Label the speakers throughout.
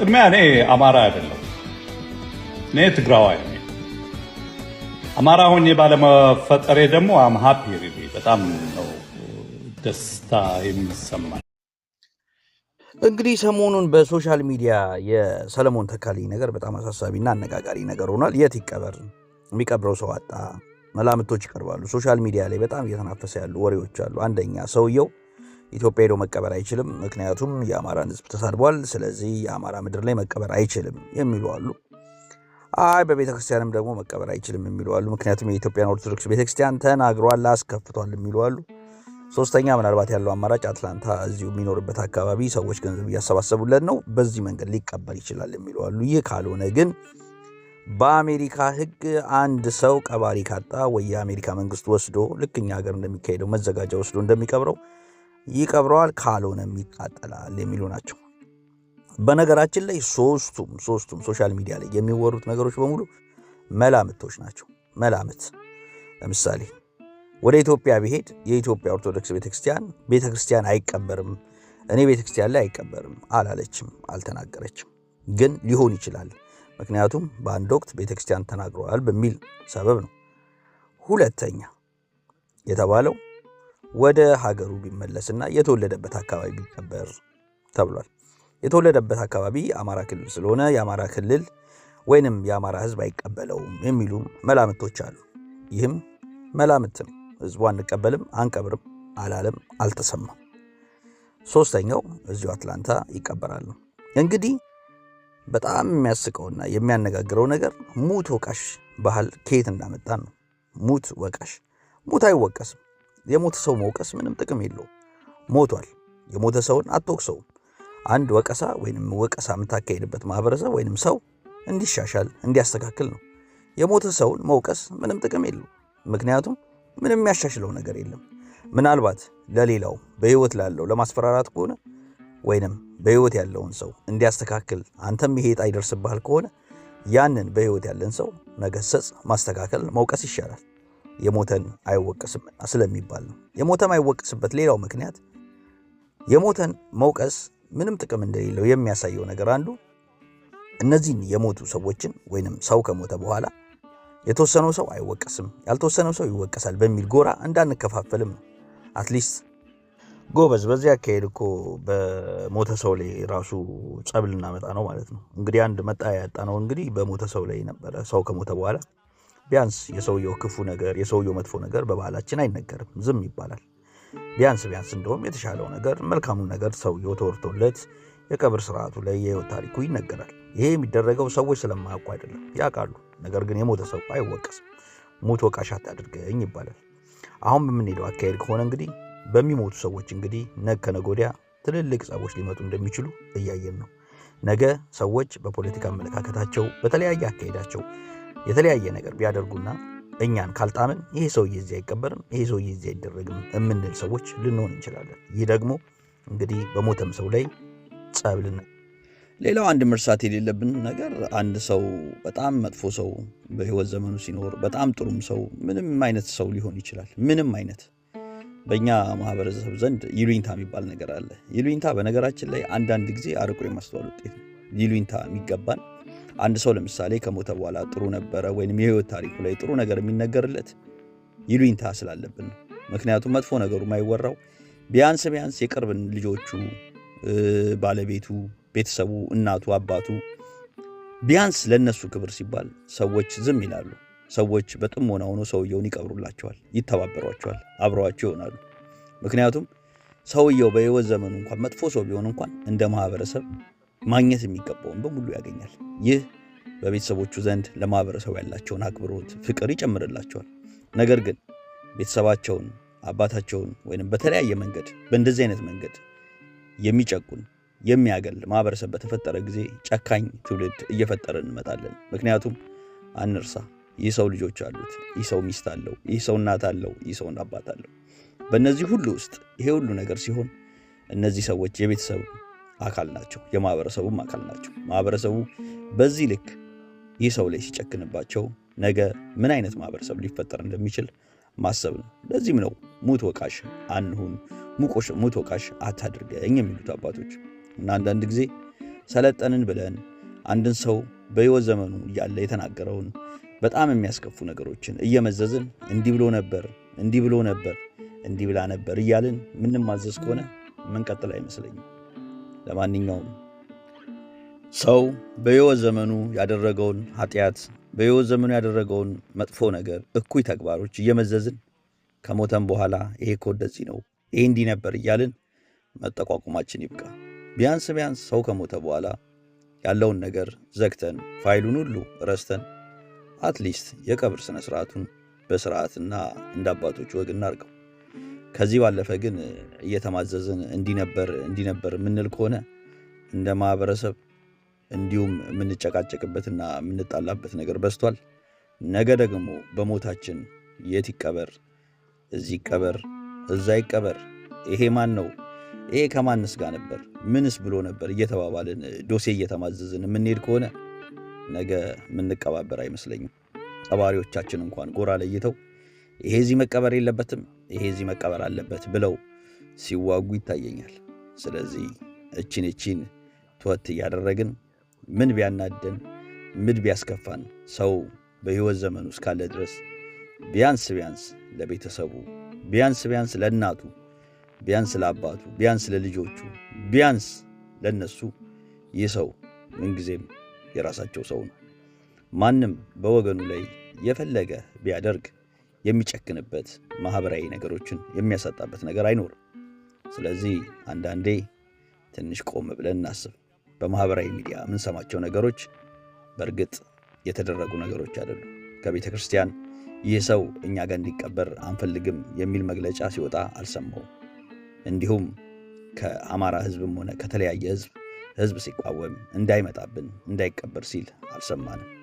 Speaker 1: ቅድሚያ እኔ አማራ አይደለም፣ እኔ ትግራዋይ ነኝ። አማራ ሆኜ ባለመፈጠሬ ደግሞ አም ሀፒ ሪሊ በጣም ነው ደስታ የሚሰማኝ።
Speaker 2: እንግዲህ ሰሞኑን በሶሻል ሚዲያ የሰለሞን ተካልኝ ነገር በጣም አሳሳቢና አነጋጋሪ ነገር ሆኗል። የት ይቀበር? የሚቀብረው ሰው አጣ። መላምቶች ይቀርባሉ። ሶሻል ሚዲያ ላይ በጣም እየተናፈሰ ያሉ ወሬዎች አሉ። አንደኛ ሰውየው ኢትዮጵያ ሄዶ መቀበር አይችልም፣ ምክንያቱም የአማራን ህዝብ ተሳድቧል። ስለዚህ የአማራ ምድር ላይ መቀበር አይችልም የሚሉ አሉ። አይ በቤተ ክርስቲያንም ደግሞ መቀበር አይችልም የሚሉ አሉ። ምክንያቱም የኢትዮጵያን ኦርቶዶክስ ቤተክርስቲያን ተናግሯል፣ አስከፍቷል የሚሉ አሉ። ሶስተኛ ምናልባት ያለው አማራጭ አትላንታ እዚሁ የሚኖርበት አካባቢ ሰዎች ገንዘብ እያሰባሰቡለት ነው፣ በዚህ መንገድ ሊቀበር ይችላል የሚሉ አሉ። ይህ ካልሆነ ግን በአሜሪካ ህግ አንድ ሰው ቀባሪ ካጣ ወይ የአሜሪካ መንግስት ወስዶ ልክ እኛ ሀገር እንደሚካሄደው መዘጋጃ ወስዶ እንደሚቀብረው ይቀብረዋል፣ ካልሆነም ይቃጠላል የሚሉ ናቸው። በነገራችን ላይ ሶስቱም ሶስቱም ሶሻል ሚዲያ ላይ የሚወሩት ነገሮች በሙሉ መላምቶች ናቸው። መላምት ለምሳሌ ወደ ኢትዮጵያ ብሄድ የኢትዮጵያ ኦርቶዶክስ ቤተክርስቲያን ቤተክርስቲያን አይቀበርም፣ እኔ ቤተክርስቲያን ላይ አይቀበርም አላለችም፣ አልተናገረችም። ግን ሊሆን ይችላል ምክንያቱም በአንድ ወቅት ቤተክርስቲያን ተናግረዋል በሚል ሰበብ ነው። ሁለተኛ የተባለው ወደ ሀገሩ ቢመለስና የተወለደበት አካባቢ ቢቀበር ተብሏል። የተወለደበት አካባቢ አማራ ክልል ስለሆነ የአማራ ክልል ወይንም የአማራ ህዝብ አይቀበለውም የሚሉ መላምቶች አሉ። ይህም መላምት ነው። ህዝቡ አንቀበልም፣ አንቀብርም አላለም፣ አልተሰማም። ሶስተኛው እዚሁ አትላንታ ይቀበራሉ። እንግዲህ በጣም የሚያስቀውና የሚያነጋግረው ነገር ሙት ወቃሽ ባህል ከየት እንዳመጣን ነው። ሙት ወቃሽ ሙት አይወቀስም የሞተ ሰው መውቀስ ምንም ጥቅም የለው ሞቷል። የሞተ ሰውን አትወቅሰውም። አንድ ወቀሳ ወይንም ወቀሳ የምታካሄድበት ማህበረሰብ ወይንም ሰው እንዲሻሻል እንዲያስተካክል ነው። የሞተ ሰውን መውቀስ ምንም ጥቅም የለው። ምክንያቱም ምንም የሚያሻሽለው ነገር የለም። ምናልባት ለሌላው በህይወት ላለው ለማስፈራራት ከሆነ ወይንም በህይወት ያለውን ሰው እንዲያስተካክል አንተም ይሄ አይደርስባል ይደርስብሃል ከሆነ ያንን በህይወት ያለን ሰው መገሰጽ፣ ማስተካከል፣ መውቀስ ይሻላል። የሞተን አይወቀስምና ስለሚባል ነው። የሞተም አይወቀስበት ሌላው ምክንያት የሞተን መውቀስ ምንም ጥቅም እንደሌለው የሚያሳየው ነገር አንዱ እነዚህን የሞቱ ሰዎችን ወይንም ሰው ከሞተ በኋላ የተወሰነው ሰው አይወቀስም፣ ያልተወሰነው ሰው ይወቀሳል በሚል ጎራ እንዳንከፋፈልም ነው። አትሊስት ጎበዝ፣ በዚህ አካሄድ እኮ በሞተ ሰው ላይ ራሱ ጸብ ልናመጣ ነው ማለት ነው። እንግዲህ አንድ መጣያ ያጣ ነው እንግዲህ በሞተ ሰው ላይ ነበረ ሰው ከሞተ በኋላ ቢያንስ የሰውየው ክፉ ነገር የሰውየው መጥፎ ነገር በባህላችን አይነገርም፣ ዝም ይባላል። ቢያንስ ቢያንስ እንደውም የተሻለው ነገር መልካሙን ነገር ሰውየው ተወርቶለት የቀብር ስርዓቱ ላይ የህይወት ታሪኩ ይነገራል። ይሄ የሚደረገው ሰዎች ስለማያውቁ አይደለም፣ ያውቃሉ። ነገር ግን የሞተ ሰው አይወቀስም። ሙት ወቃሽ አድርገኝ ይባላል። አሁን በምንሄደው አካሄድ ከሆነ እንግዲህ በሚሞቱ ሰዎች እንግዲህ ነግ ከነጎዲያ ትልልቅ ጸቦች ሊመጡ እንደሚችሉ እያየን ነው። ነገ ሰዎች በፖለቲካ አመለካከታቸው፣ በተለያየ አካሄዳቸው የተለያየ ነገር ቢያደርጉና እኛን ካልጣምን ይሄ ሰውዬ እዚህ አይቀበርም፣ ይሄ ሰውዬ እዚህ አይደረግም የምንል ሰዎች ልንሆን እንችላለን። ይህ ደግሞ እንግዲህ በሞተም ሰው ላይ ጸብልን ሌላው አንድ መርሳት የሌለብን ነገር አንድ ሰው በጣም መጥፎ ሰው በህይወት ዘመኑ ሲኖር በጣም ጥሩም ሰው ምንም አይነት ሰው ሊሆን ይችላል። ምንም አይነት በእኛ ማህበረሰብ ዘንድ ይሉኝታ የሚባል ነገር አለ። ይሉኝታ በነገራችን ላይ አንዳንድ ጊዜ አርቆ የማስተዋል ውጤት ነው። ይሉኝታ የሚገባን አንድ ሰው ለምሳሌ ከሞተ በኋላ ጥሩ ነበረ ወይም የህይወት ታሪኩ ላይ ጥሩ ነገር የሚነገርለት ይሉኝታ ስላለብን ነው። ምክንያቱም መጥፎ ነገሩ ማይወራው ቢያንስ ቢያንስ የቅርብን ልጆቹ፣ ባለቤቱ፣ ቤተሰቡ፣ እናቱ፣ አባቱ ቢያንስ ለእነሱ ክብር ሲባል ሰዎች ዝም ይላሉ። ሰዎች በጥሞና ሆኖ ሰውየውን ይቀብሩላቸዋል፣ ይተባበሯቸዋል፣ አብረዋቸው ይሆናሉ። ምክንያቱም ሰውየው በህይወት ዘመኑ እንኳን መጥፎ ሰው ቢሆን እንኳን እንደ ማህበረሰብ ማግኘት የሚገባውን በሙሉ ያገኛል። ይህ በቤተሰቦቹ ዘንድ ለማህበረሰቡ ያላቸውን አክብሮት፣ ፍቅር ይጨምርላቸዋል። ነገር ግን ቤተሰባቸውን፣ አባታቸውን ወይም በተለያየ መንገድ በእንደዚህ አይነት መንገድ የሚጨቁን የሚያገል ማህበረሰብ በተፈጠረ ጊዜ ጨካኝ ትውልድ እየፈጠረ እንመጣለን። ምክንያቱም አንርሳ፣ ይህ ሰው ልጆች አሉት፣ ይህ ሰው ሚስት አለው፣ ይህ ሰው እናት አለው፣ ይህ ሰው አባት አለው። በእነዚህ ሁሉ ውስጥ ይሄ ሁሉ ነገር ሲሆን እነዚህ ሰዎች የቤተሰብ አካል ናቸው፣ የማህበረሰቡም አካል ናቸው። ማህበረሰቡ በዚህ ልክ ይህ ሰው ላይ ሲጨክንባቸው ነገ ምን አይነት ማህበረሰብ ሊፈጠር እንደሚችል ማሰብ ነው። ለዚህም ነው ሙት ወቃሽ አንሁን፣ ሙት ወቃሽ አታድርገኝ የሚሉት አባቶች እና አንዳንድ ጊዜ ሰለጠንን ብለን አንድን ሰው በህይወት ዘመኑ እያለ የተናገረውን በጣም የሚያስከፉ ነገሮችን እየመዘዝን እንዲህ ብሎ ነበር፣ እንዲህ ብሎ ነበር፣ እንዲህ ብላ ነበር እያልን ማዘዝ ከሆነ ምንቀጥል አይመስለኝም። ለማንኛውም ሰው በሕይወት ዘመኑ ያደረገውን ኃጢአት በሕይወት ዘመኑ ያደረገውን መጥፎ ነገር እኩይ ተግባሮች እየመዘዝን ከሞተም በኋላ ይሄ እኮ እንደዚህ ነው፣ ይሄ እንዲህ ነበር እያልን መጠቋቁማችን ይብቃ። ቢያንስ ቢያንስ ሰው ከሞተ በኋላ ያለውን ነገር ዘግተን ፋይሉን ሁሉ ረስተን አትሊስት የቀብር ሥነ ሥርዓቱን በሥርዓትና እንደ አባቶች ወግ እናርገው። ከዚህ ባለፈ ግን እየተማዘዝን እንዲነበር እንዲነበር የምንል ከሆነ እንደ ማህበረሰብ እንዲሁም የምንጨቃጨቅበትና የምንጣላበት ነገር በዝቷል። ነገ ደግሞ በሞታችን የት ይቀበር፣ እዚህ ይቀበር፣ እዛ ይቀበር፣ ይሄ ማን ነው፣ ይሄ ከማንስ ጋር ነበር፣ ምንስ ብሎ ነበር እየተባባልን ዶሴ እየተማዘዝን የምንሄድ ከሆነ ነገ የምንቀባበር አይመስለኝም። ቀባሪዎቻችን እንኳን ጎራ ለይተው ይሄ እዚህ መቀበር የለበትም፣ ይሄ እዚህ መቀበር አለበት ብለው ሲዋጉ ይታየኛል። ስለዚህ እችን እችን ትወት እያደረግን ምን ቢያናደን ምን ቢያስከፋን ሰው በሕይወት ዘመኑ እስካለ ድረስ ቢያንስ ቢያንስ ለቤተሰቡ ቢያንስ ቢያንስ ለእናቱ ቢያንስ ለአባቱ ቢያንስ ለልጆቹ ቢያንስ ለነሱ ይህ ሰው ምንጊዜም የራሳቸው ሰው ነው። ማንም በወገኑ ላይ የፈለገ ቢያደርግ የሚጨክንበት ማህበራዊ ነገሮችን የሚያሳጣበት ነገር አይኖርም። ስለዚህ አንዳንዴ ትንሽ ቆም ብለን እናስብ። በማህበራዊ ሚዲያ የምንሰማቸው ነገሮች በእርግጥ የተደረጉ ነገሮች አይደሉም። ከቤተ ክርስቲያን ይህ ሰው እኛ ጋር እንዲቀበር አንፈልግም የሚል መግለጫ ሲወጣ አልሰማውም። እንዲሁም ከአማራ ህዝብም ሆነ ከተለያየ ህዝብ ህዝብ ሲቃወም እንዳይመጣብን እንዳይቀበር ሲል አልሰማንም።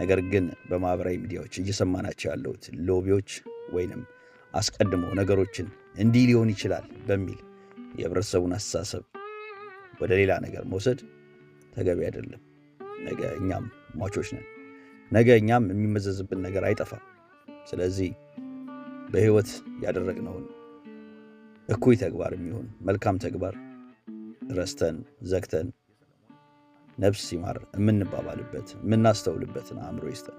Speaker 2: ነገር ግን በማህበራዊ ሚዲያዎች እየሰማናቸው ያለሁት ሎቢዎች ወይንም አስቀድሞ ነገሮችን እንዲህ ሊሆን ይችላል በሚል የህብረተሰቡን አስተሳሰብ ወደ ሌላ ነገር መውሰድ ተገቢ አይደለም። ነገ እኛም ሟቾች ነን። ነገ እኛም የሚመዘዝብን ነገር አይጠፋም። ስለዚህ በህይወት ያደረግነውን እኩይ ተግባር የሚሆን መልካም ተግባር ረስተን ዘግተን ነፍስ ሲማር የምንባባልበት የምናስተውልበትን አእምሮ ይስጠን።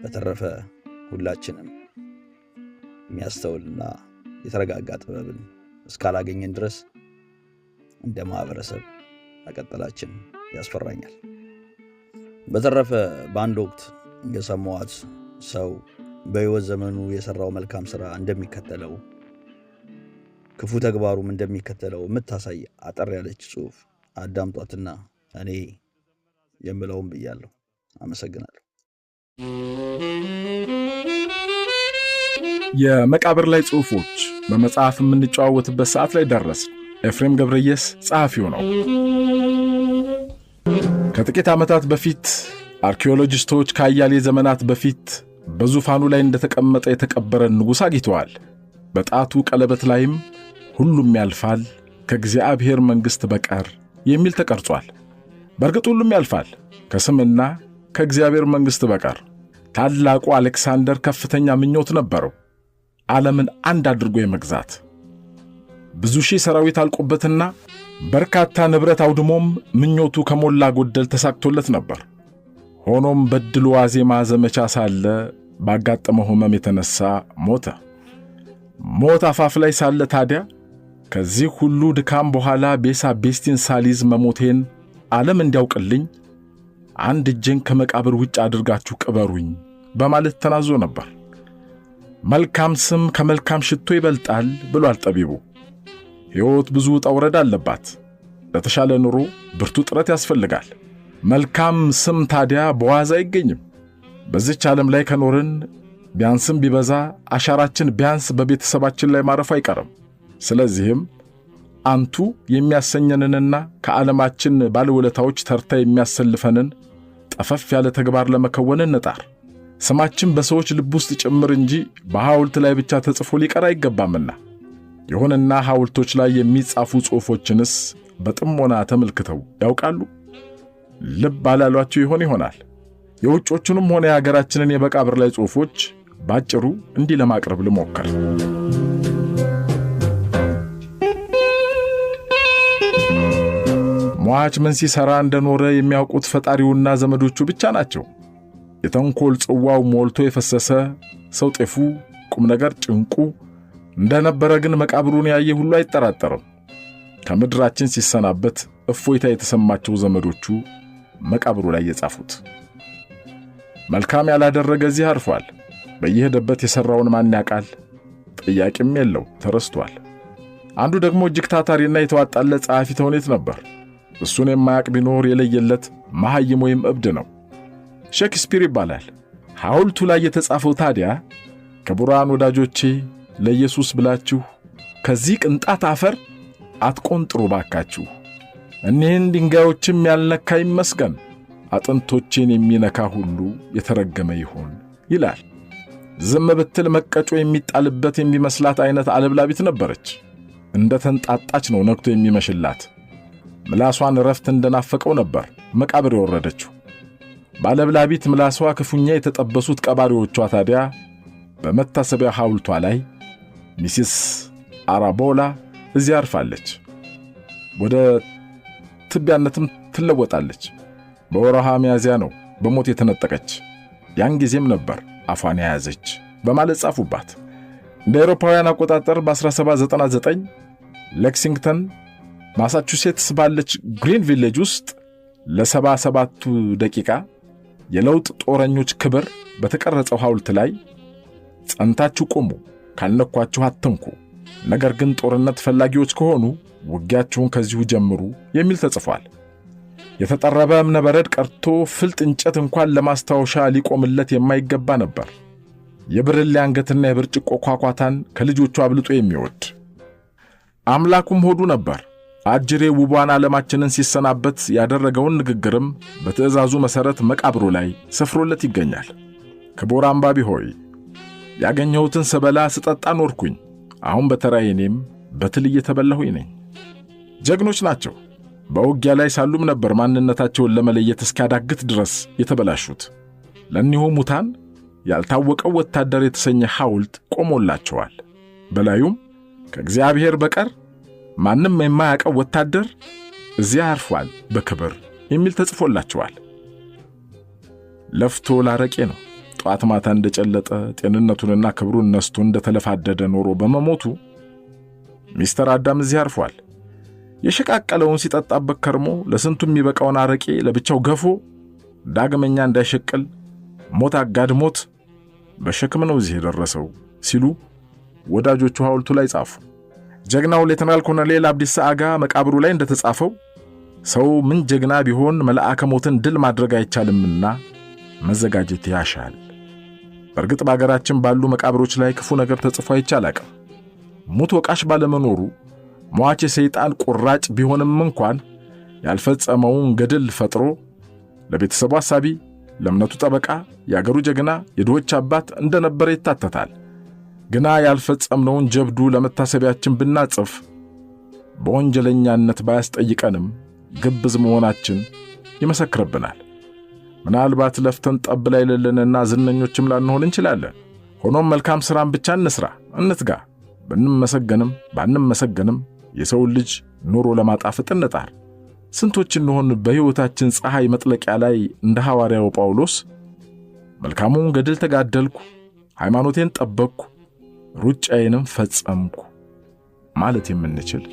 Speaker 2: በተረፈ ሁላችንም የሚያስተውልና የተረጋጋ ጥበብን እስካላገኘን ድረስ እንደ ማህበረሰብ መቀጠላችን ያስፈራኛል። በተረፈ በአንድ ወቅት የሰማዋት ሰው በሕይወት ዘመኑ የሰራው መልካም ስራ እንደሚከተለው ክፉ ተግባሩም እንደሚከተለው የምታሳይ አጠር ያለች ጽሑፍ አዳምጧትና እኔ የምለውም ብያለሁ። አመሰግናለሁ።
Speaker 3: የመቃብር ላይ ጽሑፎች በመጽሐፍ የምንጨዋወትበት ሰዓት ላይ ደረስ። ኤፍሬም ገብረየስ ጸሐፊው ነው። ከጥቂት ዓመታት በፊት አርኪኦሎጂስቶች ከአያሌ ዘመናት በፊት በዙፋኑ ላይ እንደተቀመጠ የተቀበረን ንጉሥ አግኝተዋል። በጣቱ ቀለበት ላይም ሁሉም ያልፋል ከእግዚአብሔር መንግሥት በቀር የሚል ተቀርጿል። በእርግጥ ሁሉም ያልፋል ከስምና ከእግዚአብሔር መንግሥት በቀር። ታላቁ አሌክሳንደር ከፍተኛ ምኞት ነበረው፣ ዓለምን አንድ አድርጎ የመግዛት። ብዙ ሺህ ሰራዊት አልቆበትና በርካታ ንብረት አውድሞም ምኞቱ ከሞላ ጎደል ተሳክቶለት ነበር። ሆኖም በድሉ ዋዜማ ዘመቻ ሳለ ባጋጠመው ሕመም የተነሳ ሞተ። ሞት አፋፍ ላይ ሳለ ታዲያ ከዚህ ሁሉ ድካም በኋላ ቤሳ ቤስቲን ሳሊዝ መሞቴን ዓለም እንዲያውቅልኝ አንድ እጄን ከመቃብር ውጭ አድርጋችሁ ቅበሩኝ በማለት ተናዞ ነበር። መልካም ስም ከመልካም ሽቶ ይበልጣል ብሏል ጠቢቡ። ሕይወት ብዙ ውጣ ውረድ አለባት። ለተሻለ ኑሮ ብርቱ ጥረት ያስፈልጋል። መልካም ስም ታዲያ በዋዛ አይገኝም። በዚች ዓለም ላይ ከኖርን ቢያንስም ቢበዛ አሻራችን ቢያንስ በቤተሰባችን ላይ ማረፉ አይቀርም። ስለዚህም አንቱ የሚያሰኘንንና ከዓለማችን ባለውለታዎች ተርታ የሚያሰልፈንን ጠፈፍ ያለ ተግባር ለመከወን እንጣር። ስማችን በሰዎች ልብ ውስጥ ጭምር እንጂ በሐውልት ላይ ብቻ ተጽፎ ሊቀር አይገባምና። ይሁንና ሐውልቶች ላይ የሚጻፉ ጽሑፎችንስ በጥሞና ተመልክተው ያውቃሉ? ልብ አላሏቸው ይሆን ይሆናል። የውጮቹንም ሆነ የሀገራችንን የመቃብር ላይ ጽሑፎች ባጭሩ እንዲህ ለማቅረብ ልሞከር። ሟች ምን ሲሠራ እንደኖረ የሚያውቁት ፈጣሪውና ዘመዶቹ ብቻ ናቸው። የተንኮል ጽዋው ሞልቶ የፈሰሰ ሰው ጤፉ፣ ቁም ነገር ጭንቁ እንደነበረ ግን መቃብሩን ያየ ሁሉ አይጠራጠርም። ከምድራችን ሲሰናበት እፎይታ የተሰማቸው ዘመዶቹ መቃብሩ ላይ የጻፉት መልካም ያላደረገ እዚህ አርፏል። በየሄደበት የሠራውን ማን ያውቃል? ጥያቄም የለው ተረስቷል። አንዱ ደግሞ እጅግ ታታሪና የተዋጣለ ጸሐፊ ተውኔት ነበር። እሱን የማያቅ ቢኖር የለየለት መሐይም ወይም እብድ ነው። ሼክስፒር ይባላል። ሐውልቱ ላይ የተጻፈው ታዲያ ክቡራን ወዳጆቼ ለኢየሱስ ብላችሁ ከዚህ ቅንጣት አፈር አትቆንጥሩ ባካችሁ፣ እኒህን ድንጋዮችም ያልነካ ይመስገን፣ አጥንቶቼን የሚነካ ሁሉ የተረገመ ይሁን ይላል። ዝም ብትል መቀጮ የሚጣልበት የሚመስላት አይነት አለብላቢት ነበረች። እንደ ተንጣጣች ነው ነግቶ የሚመሽላት። ምላሷን እረፍት እንደናፈቀው ነበር መቃብር የወረደችው። ባለብላቢት ምላሷ ክፉኛ የተጠበሱት ቀባሪዎቿ ታዲያ በመታሰቢያ ሐውልቷ ላይ ሚስስ አራቦላ እዚያ አርፋለች፣ ወደ ትቢያነትም ትለወጣለች። በወረሃ ሚያዝያ ነው በሞት የተነጠቀች፣ ያን ጊዜም ነበር አፏን የያዘች በማለት ጻፉባት። እንደ አውሮፓውያን አቆጣጠር በ1799 ሌክሲንግተን ማሳቹሴትስ ባለች ግሪን ቪሌጅ ውስጥ ለሰባ ሰባቱ ደቂቃ የለውጥ ጦረኞች ክብር በተቀረጸው ሐውልት ላይ ጸንታችሁ ቁሙ፣ ካልነኳችሁ አትንኩ፣ ነገር ግን ጦርነት ፈላጊዎች ከሆኑ ውጊያችሁን ከዚሁ ጀምሩ የሚል ተጽፏል። የተጠረበ እብነበረድ ቀርቶ ፍልጥ እንጨት እንኳን ለማስታወሻ ሊቆምለት የማይገባ ነበር። የብርሌ አንገትና የብርጭቆ ኳኳታን ከልጆቹ አብልጦ የሚወድ አምላኩም ሆዱ ነበር። አጅሬ ውቧን ዓለማችንን ሲሰናበት ያደረገውን ንግግርም በትእዛዙ መሠረት መቃብሩ ላይ ሰፍሮለት ይገኛል። ክቡር አንባቢ ሆይ ያገኘሁትን ስበላ ስጠጣ ኖርኩኝ። አሁን በተራዬ እኔም በትል እየተበላሁኝ ነኝ። ጀግኖች ናቸው። በውጊያ ላይ ሳሉም ነበር ማንነታቸውን ለመለየት እስኪያዳግት ድረስ የተበላሹት። ለእኒሁ ሙታን ያልታወቀው ወታደር የተሰኘ ሐውልት ቆሞላቸዋል። በላዩም ከእግዚአብሔር በቀር ማንም የማያውቀው ወታደር እዚያ አርፏል በክብር የሚል ተጽፎላቸዋል። ለፍቶ ላረቄ ነው። ጠዋት ማታ እንደጨለጠ ጤንነቱንና ክብሩን ነስቶ እንደተለፋደደ ኖሮ በመሞቱ ሚስተር አዳም እዚህ አርፏል። የሸቃቀለውን ሲጠጣበት ከርሞ ለስንቱ የሚበቃውን አረቄ ለብቻው ገፎ ዳግመኛ እንዳይሸቅል ሞት አጋድሞት በሸክም ነው እዚህ የደረሰው ሲሉ ወዳጆቹ ሐውልቱ ላይ ጻፉ። ጀግናው ሌተናል ኮሎኔል አብዲሳ አጋ መቃብሩ ላይ እንደተጻፈው ሰው ምን ጀግና ቢሆን መልአከ ሞትን ድል ማድረግ አይቻልምና መዘጋጀት ያሻል። በእርግጥ በአገራችን ባሉ መቃብሮች ላይ ክፉ ነገር ተጽፎ አይቼ አላቅም። ሙት ወቃሽ ባለመኖሩ ሟች የሰይጣን ቁራጭ ቢሆንም እንኳን ያልፈጸመውን ገድል ፈጥሮ ለቤተሰቡ አሳቢ፣ ለእምነቱ ጠበቃ፣ የአገሩ ጀግና፣ የድሆች አባት እንደነበረ ይታተታል። ግና ያልፈጸምነውን ጀብዱ ለመታሰቢያችን ብናጽፍ በወንጀለኛነት ባያስጠይቀንም ግብዝ መሆናችን ይመሰክርብናል። ምናልባት ለፍተን ጠብ ላይ ሌለንና ዝነኞችም ላንሆን እንችላለን። ሆኖም መልካም ሥራን ብቻ እንስራ፣ እንትጋ። ብንመሰገንም ባንመሰገንም የሰውን ልጅ ኑሮ ለማጣፈጥ እንጣር። ስንቶች እንሆን በሕይወታችን ፀሐይ መጥለቂያ ላይ እንደ ሐዋርያው ጳውሎስ መልካሙን ገድል ተጋደልኩ፣ ሃይማኖቴን ጠበቅኩ ሩጫዬንም ፈጸምኩ ማለት የምንችል